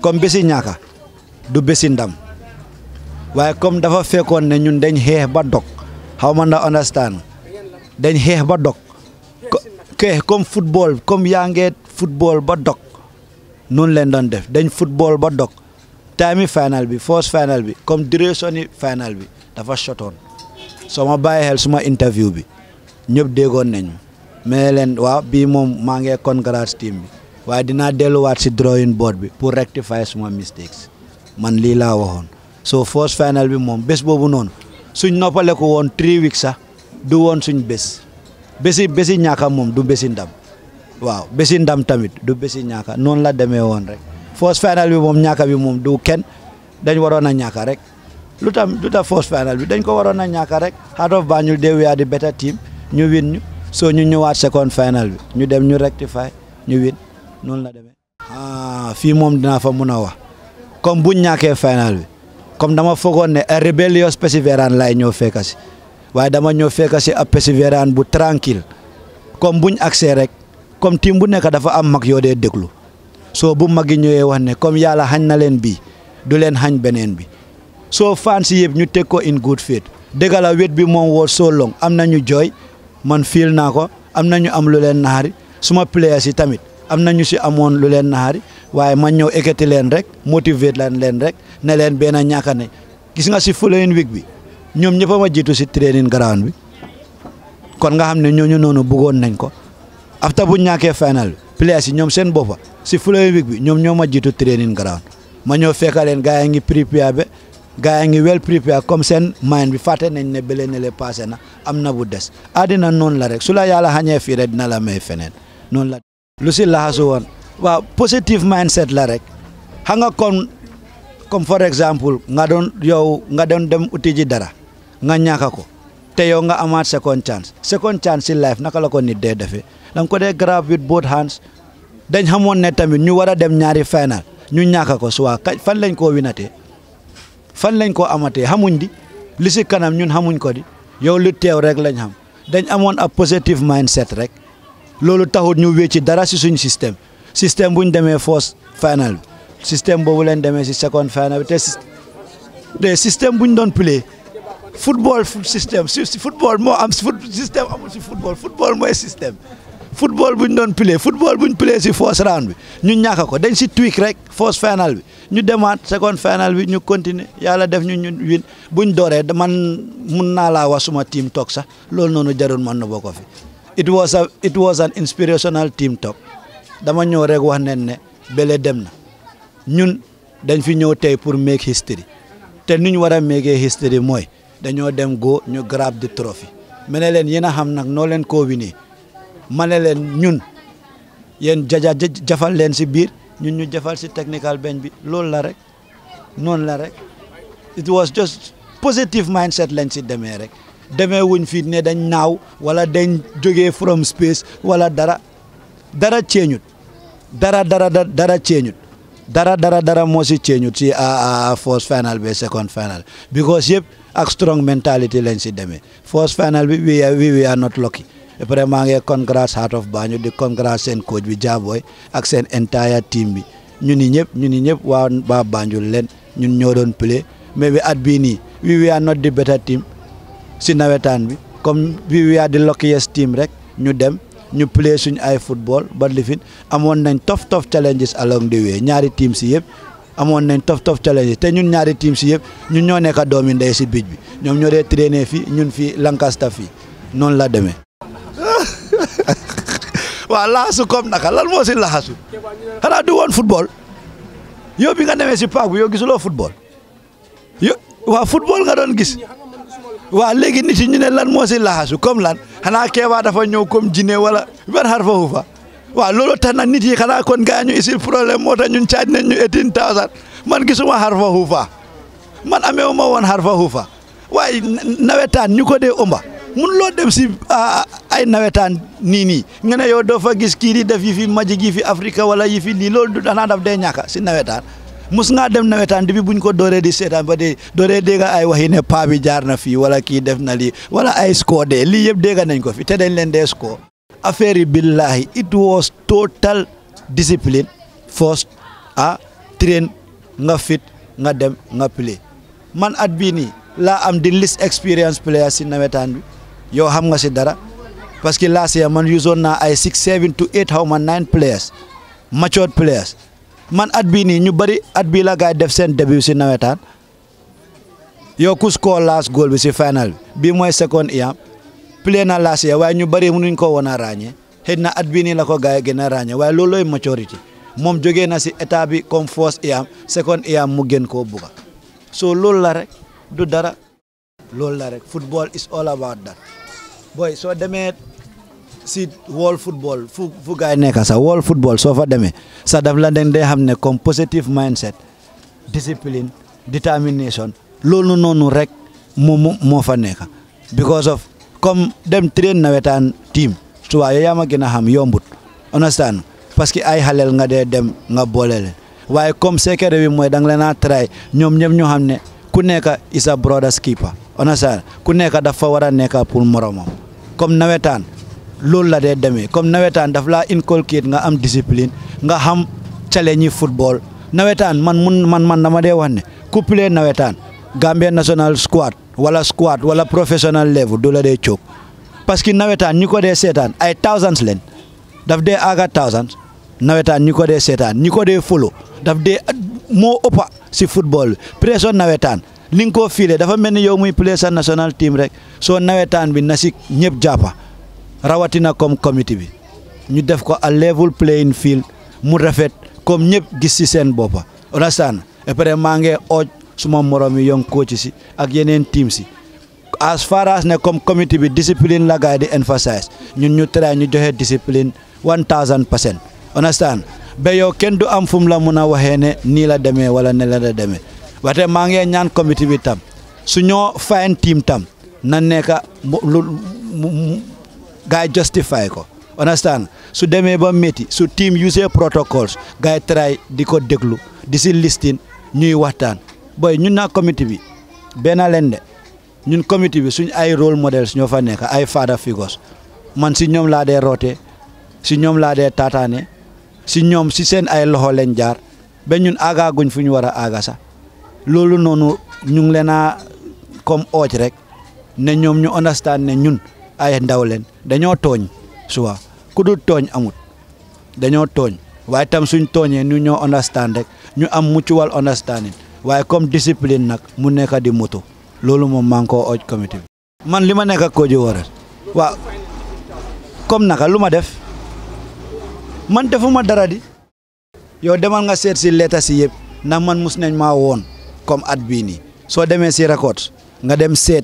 comme bési ñaaka du bési ndam waaye comme dafa fekkoon ne ñun dañ xeex ba dog xaw ma na understand dañ xeex ba dog ke comme football comme yaa ngee football ba dog noonu leen doon def dañ football ba dog time final bi force final bi comme direction yi bi dafa sotoon soo ma bàyyi xel suma interview bi ñëp déggoon nañu mais leen waaw bii moom maa ngee congrats team bi waaye dinaa delluwaat si drawing board bi pour rectifier suma mistakes man lii laa waxoon so first final bi moom bés boobu noonu suñ noppale ko woon three weeks sax du woon suñ bés bési bési ñaaka moom du bési ndam waaw bési ndam tamit du bési ñaaka noonu la demee woon rek first final bi moom ñaaka bi moom du kenn dañ waroon a ñaaka rek lu tam lu tax bi dañ ko waroon a ñaaka rek Heart of Banjul they were the better team ñu win ñu so ñu ñëwaat second final bi ñu dem ñu rectify ñu win noonu la demee. ah fii moom dinaa fa mun a wax comme buñ ñàkkee final bi comme dama foogoon ne a rébellion persévérant laay ñëw fekk si waaye dama ñëw fekk si ab persévérant bu tranquille comme ñu accès rek comme team bu nekk dafa am mag yoo dee déglu soo bu mag yi ñëwee wax ne comme yàlla xañ na leen bii du leen xañ beneen bi soo faan si yëpp ñu teg ko in good faith dëgg la wet bi moom woo so long am na ñu jooy man fiil naa ko am na ñu am lu leen naar suma players yi tamit. am na ñu si amoon lu leen naxari waaye ma ñëw ekkati leen rek motiver leen leen rek ne leen benn ñàkk ne gis nga si following week bi ñoom ñëpp a ma jiitu si training ground bi kon nga xam ne ñooñu noonu bëggoon nañ ko after bu ñàkkee final bi players yi ñoom seen boppa si following week bi ñoom ñoo ma jiitu training ground ma ñëw fekka leen gars yi ngi prepare ba gars yi ngi well prepare comme seen mind bi fàtte nañ ne bële ne le passé na am na bu des àddina noonu la rek su la yàlla xañee fii rek dina la may feneen lu si laxasu woon waaw positive mindset la rek xam nga kon comme for exemple nga doon yow nga doon dem uti ji dara nga ñàkk ko te yow nga amaat second chance second chance in life naka la ko nit dee defee da nga ko dee grab with both dañ xamoon ne tamit ñu war a dem ñaari final ñu ñàkk ko soit kañ fan lañ ko winatee fan lañ ko amatee xamuñ di li si kanam ñun xamuñ ko di yow lu teew rek lañ xam dañ amoon ab positive mindset rek. loolu taxut ñu wécci dara si suñ système système bu ñu demee foos final bi système boobu leen demee si second final bi te te système bu ñu doon play football système si football moo am système amul si football football mooy système football bu ñu doon play football bu ñu play si first round bi ñu ñàkk ko dañ si tweak rek first final bi ñu demaat second final bi ñu continuer yàlla def ñu ñu win buñ dooree man mun naa laa wax suma team toog sax loolu noonu jarul man na boo ko fi it was a it was an inspirational team talk dama ñëw rek wax ne ne dem na ñun dañ fi ñëw tey pour make history te nu ñu war a make history mooy dañoo dem go ñu grabe de trophy ma ne leen yéen a xam nag noo leen ko winee ma ne leen ñun yéen jaja jafal leen si biir ñun ñu jafal si technical beñ bi loolu la rek noonu la rek it was just positive mindset lañ si demee rek. demee wuñ fii ne dañ naaw wala dañ jógee from space wala dara dara ceeñut dara dara dara ceeñut dara dara dara moo si ceeñut si a ah, ah, first final bi second final because yëpp ak strong mentality lañ si demee first final bi we we are not lucky après maa ngi congrats Heart seen coach bi Jaboy ak seen entire team bi ñu ni ñëpp ñu ni ñëpp waa waa Banjul ñun ñoo doon play mais bi at bii nii we we not the better team ci nawetan bi comme bi we are the luckiest team rek ñu dem ñu play suñ ay football ba lifin amoon nañ tof tof challenges along the way ñaari team ci yeb amoon nañ tof tof challenges te ñun ñaari team ci yeb ñun ño nekk doomi ndey ci bij bi ñom ño dee traîner fi ñun fi Lancaster fi, non la demee waa laxasu comme naka lan moo si laxasu xanaa du won football yo bi nga démé si park, yo gisulo football yo, wa football nga don gis waaw léegi nit yi ñu ne lan moo si laxasu comme lan xanaa Keeba dafa ñëw comme jinne wala ban xar fa xufa waaw loolu tax na nit yi xanaa kon gaa ñu problème moo tax ñun caaj nañ ñu eighteen thousand man gisuma xar fa xufa man amee ma woon xar fa xufa waaye nawetaan ñu ko dee omba mun loo dem si ay nawetaan nii nii nga ne yow doo fa gis kii di def yi fi majig yi fi Afrique wala yi fi lii loolu du danaa daf dee ñàkk si nawetaan mus ngaa dem nawetaan depuis buñ ko dooree di seetaan ba de dooree dégg ay waxi ne paa bi jaar na fii wala kii def na lii wala ay score de lii yëpp dégg nañ ko fi te dañ leen dee score affaire yi billahi it was total discipline force a train nga fit nga dem nga play man at bi ni laa am di least experience player si nawetaan bi yow xam nga si dara parce que last year man usoon na ay six seven to eight xaw ma nine players matured players man at bii nii ñu bari at bii la gaay def seen début si nawetaan yow ku score last goal bi si final bi bii mooy second iam play na laas year waaye ñu bëri mënuñ ko woon a ràññee xëy na at bii nii la ko gaay gën a ràññee waaye loolooy maturité moom jógee na si état bi comme first iam second iam mu gën ko bugga so loolu la rek du dara loolu la rek football is all about that boy soo demee si world football fu fu gay sa world football so fa demé sa daf la den day xamné ne comme positive mindset discipline determination loolu noonu rek mo mo fa nekk because of comme dem train wetan team tu wa ya ma gina xam yombut understand parce que ay halel nga de dem nga boole leen waaye comme secret bi moy dang la na try ñom ñep ñu xamné ne ku nekk is a brother's keeper understand ku nekk da fa wara nekk pour moromam comme nawetan loolu la dee demee comme nawetaan daf laa inculquer nga am discipline nga xam challenge yi football nawetaan man mun man man dama dee wax ne couplé nawetaan Gambia national squad wala squad wala professional level du la dee cóog parce que nawetaan ñi ko dee seetaan ay thousands leen daf dee aga thousands nawetaan ñi ko dee seetaan ñi ko dee folo daf dee moo ëppa si football bi pression nawetaan li nga koo fiile dafa mel ni yow muy play sa national team rek soo nawetaan bi na si ñëpp jàppa rawatina comme comité bi ñu def ko à level playing field mu rafet comme ñëpp gis si seen boppa understand après maa ngi ooj suma morom yi yong coach si ak yeneen team si as far ne comme comité bi discipline la gaay di emphasize ñun ñu try ñu joxe discipline one thousand percent understand ba kenn du am fu mu la mun a waxee ne nii la demee wala ne la demee wate maa ngi ñaan comité bi tam su ñoo fine tam na nekk lu gars yi justify ko understand su demee ba métti su team use protocols gars yi di ko déglu di si listin ñuy waxtaan booy ñun naa comité bi benn leen ñun comité bi suñ ay role models ñoo fa nekk ay father figures man si ñoom laa dee rootee si ñoom laa dee taataane si ñoom si seen ay loxo leen jaar ba ñun aagaaguñ fu ñu war a aaga noonu ñu ngi leen a comme ooj rek ne ñoom ñu understand ne ñun ay ndaw len dañoo tooñ souvent ku dul amut dañoo togn waye tam suñ togné ñu ñoo understand rek ñu am mutual understanding waye comme discipline nak, mu nekk di moto, lolu mom maa ngi committee. man lima nekk ko ji wa comme naka luma def man defuma dara di yo demal nga set si leta si yeb na man mus nañ won woon comme at bi ni so démé si record nga dem si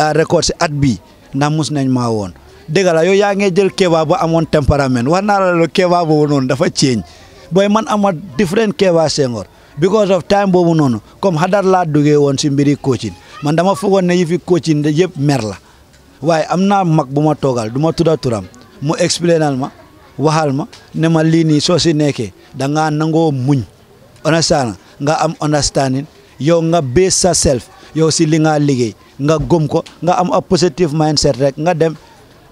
ah, record si at bi Namus mus nañ ma won degal yo ya nge jël keeba bu amoon temperament war na la lo dafa change boy man amat different keba Senghor because of time bobu non comme hadar la duggee won ci mbiri coaching man dama foogoon né yifi coaching da yëpp mer la waaye amna mag bu ma toogal turam mu explainal ma waxal ma ne ma li ni so ci néké da nga nango muñ nga am understanding yo nga base sa self yow si li nga liggéey nga gëm ko nga am a positive mindset rek nga dem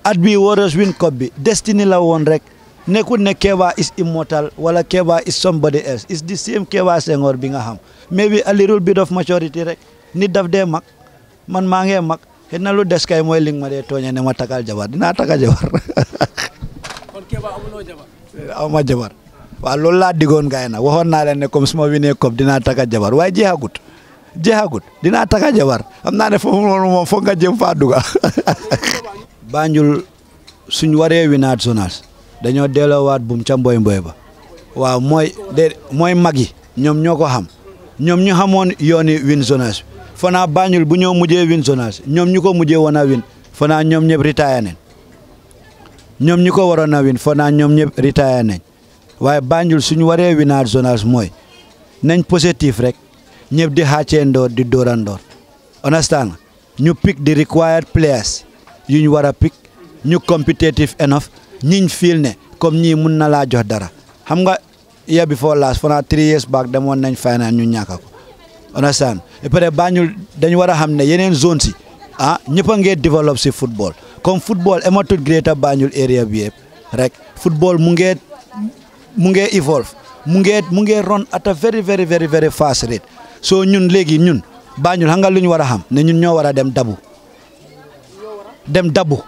at bi Warriors win cup bi destiny la woon rek nekkul ne Keba is immortal wala Keba is somebody else is the same Keba Senghor bi nga xam mais bi a bi bit of rek nit daf dee mag man maa ngee mag xëy lu des kay mooy li nga ma dee tooñe ne ma takal jabar dinaa takal jabar kon Keba amuloo loolu laa diggoon gaay na waxoon naa leen comme su ma winee kob dinaa takal jabar waaye jeexagut jeexagut dinaa takk jabar am naa ne foofu noonu moom foog nga jëm faa duga Banjul suñ waree winaat national dañoo delloowaat bum ca mboy mboy ba waaw mooy de mooy mag yi ñoom ñoo ko xam ñoom ñu xamoon yooni win zonage fanaa Banjul bu ñoo mujjee win zonage ñoom ñu ko mujjee woon a win fanaa ñoom ñëpp retire ñoom ñu ko waroon a win fanaa ñoom ñëpp retire nañ waaye Banjul suñu waree winaat zonage mooy nañ tiif rek ñëpp di xàcceendoo di dóorandoor understand ñu pick di required players yu ñu war a pick ñu competitive enough ñiñ fiil ne comme ñii mun na laa jox dara xam nga year before last fanaa three years back demoon nañ final ñu ñàkk ko understand et peut dañu war a xam ne yeneen zone si ah ñëpp a ngee développe si football comme football ematut greater Banjul area bi yëpp rek football mu ngee mu ngee evolve mu ngee mu ngee at a very so ñun léegi ñun Banjul xam nga lu ñu war a xam ne ñun ñoo war a dem dabu dem dabu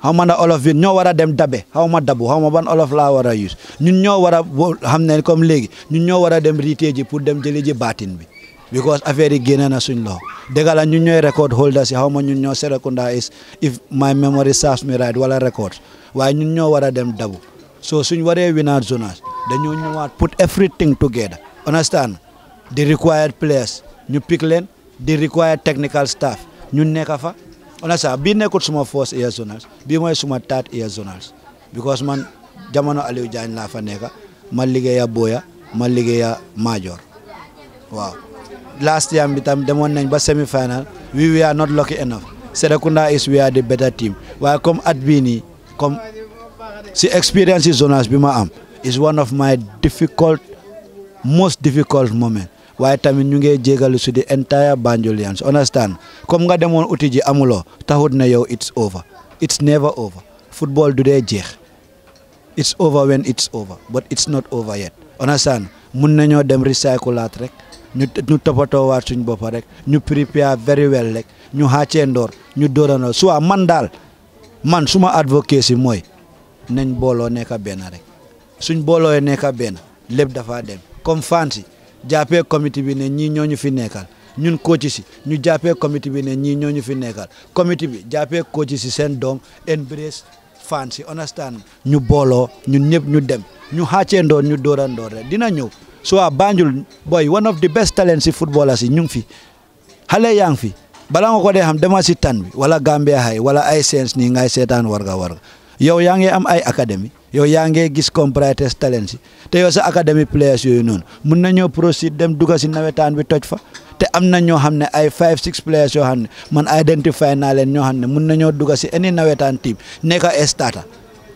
xaw ma na olof bi ñoo war a dem dabe xaw ma dabu xaw ma ban olof laa war a yus ñun ñoo war a xam ne comme léegi ñun ñoo war a dem riitee ji pour dem jëli ji baatin bi because affaire yi génne na suñ loxo dëgg la ñun ñooy record holders yi xaw ma ñun ñoo Serekunda is if my memory serves me right wala record waaye ñun ñoo war a dem dabu so suñ waree winaat zonage dañoo ñëwaat put everything together understand di required players ñu pick leen di required technical staff ñu nekk fa bii nekkul suma foos year journals bii mooy suma third year journals because man jamono Aliou Diagne laa fa nekk ma liggéeya Boya ma liggéeya Major waaw last year bi tam demoon nañ ba semi final we were not lucky enough Serekunda is we are the better team waaye comme at bii nii comme si experience journals bi ma am is one of my difficult difficult moment waaye tamit ñu ngee jégalu su di entire Banjulians understand comme nga demoon uti ji amuloo taxut na yow it's over it's never over football du dee jeex it's over when it's over but it's not over yet understand mun nañoo dem recyclaat rek ñu ñu toppatoowaat suñ boppa rek ñu prepare very well rek ñu xaacee ndoor ñu dóorandoor soit man daal man suma advocacy mooy nañ booloo nekk benn rek suñ booloo nekk benn lépp dafa dem comme fan yi jappé comité bi ne ñi ñoñu fi nekkal ñun coach ci ñu jappé comité bi ne ñi ñoñu fi nekkal comité bi jappé coach si seen doom embrace fans, si understand ñu bolo ñun ñep ñu dem ñu xaacee ndoor ñu dóorandoo rek dina so soa Banjul boy one of the best talents si footballers yi ñu fi halé yaa fi bala nga ko dé xam demal ci tan bi wala Gambia hay wala ay sense ni ngay warga warga yow yang am ay académie yo yaa gis comprendre talent si te yo sa academy players yo non mën nañu proceed dem duga si nawetan bi toj fa te amna na xamne ay five six players yo xamne man identify na len ño xamne mën nañu duga ci si any nawetan team neka estata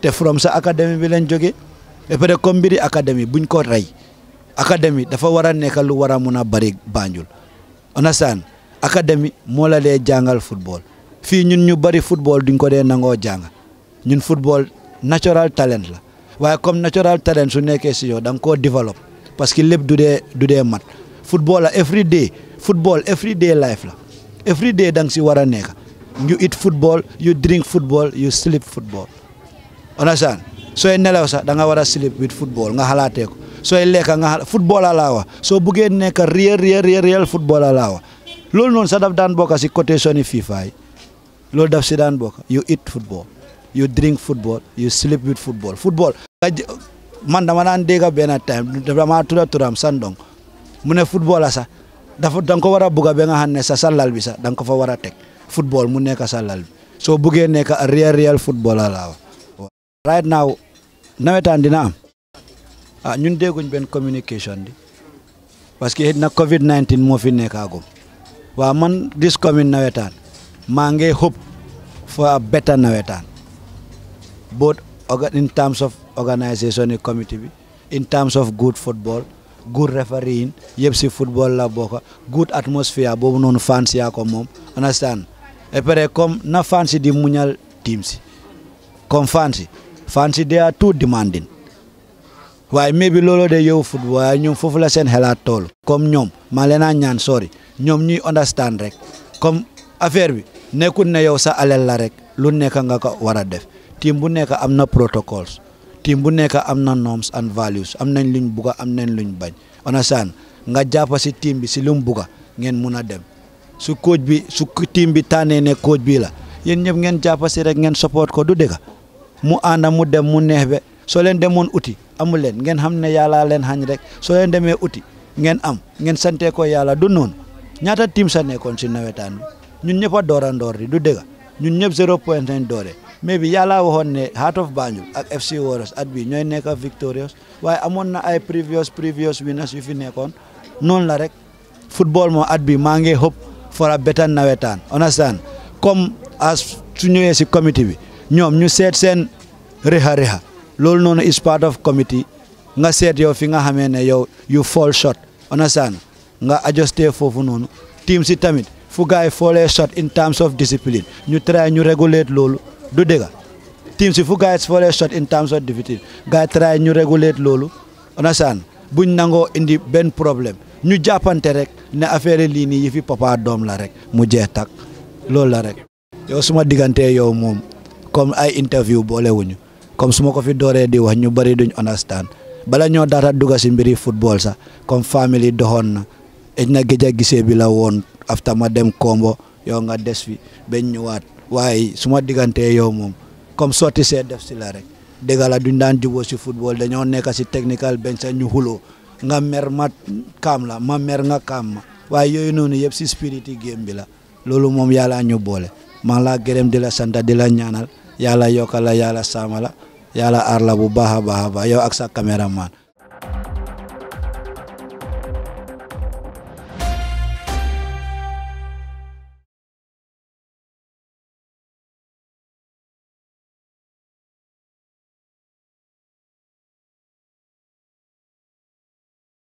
te from sa academy bi len joge et peut être comme academy buñ ko ray academy dafa wara neka lu wara a bari Banjul understand academy mo la lay jangal football fi ñun ñu bari football duñ ko dee nango jang ñun football natural talent la waaye comme natural talent su nekkee si yow da nga koo développe parce que lépp du dee du dee mat football la every day football every day life la every day da nga si war a nekk you eat football you drink yu you sleep football understand sooy nelaw sax da nga war a sleep with football nga xalaatee ko sooy lekka nga xalaat football la laa wa soo buggee nekk réel réel réel football a wa loolu noonu sax daf daan bokk si côté soni FIFA yi loolu daf si daan bokk you eat football you drink football you sleep with football football. man dama daan dégg benn time dama tudd turam Sandong mu ne football la sax dafa da nga ko war a bugg ba sa sallal bi sax da nga ko fa war a teg football mu nekk sallal bi soo buggee ne a real real footballer la waaw. right now nawetaan dina am a ah, ñun dégguñ benn communication di parce que na Covid 19 moo fi nekkaagum waa man gis commune nawetaan maa ngi hope for a better nawetaan. both in terms of organisation committee bi in terms of good football good refereeing yëpp si football la bokk good atmosphere boobu noonu fans yaa ko moom understand et puis comme na fans di muñal team si comme fans fans they are too waaye mais bi looloo de yow football waaye ñoom foofu la seen xelaat tool comme ñoom maa leen ñaan sori ñoom ñuy understand rek comme affaire bi nekkul ne yow sa alal la rek lu nekk nga ko war a def. tiim bu nekk am na protocols team bu nekk am na norms and values am nañ luñ bugga am nañ luñ bañ understand nga jàppa si tiim bi si lu mu bugga ngeen mun a dem su coach bi su tiim bi tànnee ne coach bii la yéen ñëpp ngeen jàppa si rek ngeen support ko du dëgg mu ànda mu dem mu neex be soo leen dem demoon uti amu leen ngeen xam ne yàllaa leen xañ rek soo leen demee uti ngeen am ngeen santee ko yàlla du noonu ñaata tim sa nekkoon si nawetaan bi ñun ñëpp a door a ndoor di du dëgg ñun ñëpp zéro point mais bi yàllaa waxoon ne Heart of Banjul ak FC Warriors at bi ñooy nekk victorious waaye amoon na ay previous previous winners yu fi nekkoon noonu la rek football moom at bi maa ngi hope for a better nawetaan understand comme as su ñëwee si comité bi ñoom ñu seet seen reha reha loolu noonu is part of committee nga seet yow fi nga xamee ne yow yu fall short understand nga adjusté foofu noonu tim si tamit fu gaay foolee short in terms of discipline ñu try ñu regulate loolu du dégg teams yi fu guys foole shot in terms of defeat guys try ñu regulate loolu understand buñ nangoo indi benn problème ñu jàppante rek ne affaire lii nii yi fi papa doom la rek mu jeex tak loolu la rek yow suma diggantee yow moom comme ay interview boolewuñu comme su ma ko fi dooree di wax ñu bëri duñ understand bala ñoo daata dugga si mbiri football sax comme family doxoon na ej na géej a gisee bi la woon after ma dem Kombo yow nga des fi bañ ñëwaat waye suma diganté yow mom comme sotti see def Degala la rek dëgg duñ dan jubóo ci football dañoo nekk ci technical benn sa ñu xuloo nga mer mat kam la ma mer nga kam waye yoy nonu yeb ci si spirit game bi la lolu mom yalla ñu bolé ma la gërem di la santa di la ñaanal yalla yokala yalla samala yalla arla bu baha baha ba aksa yow ak sa cameraman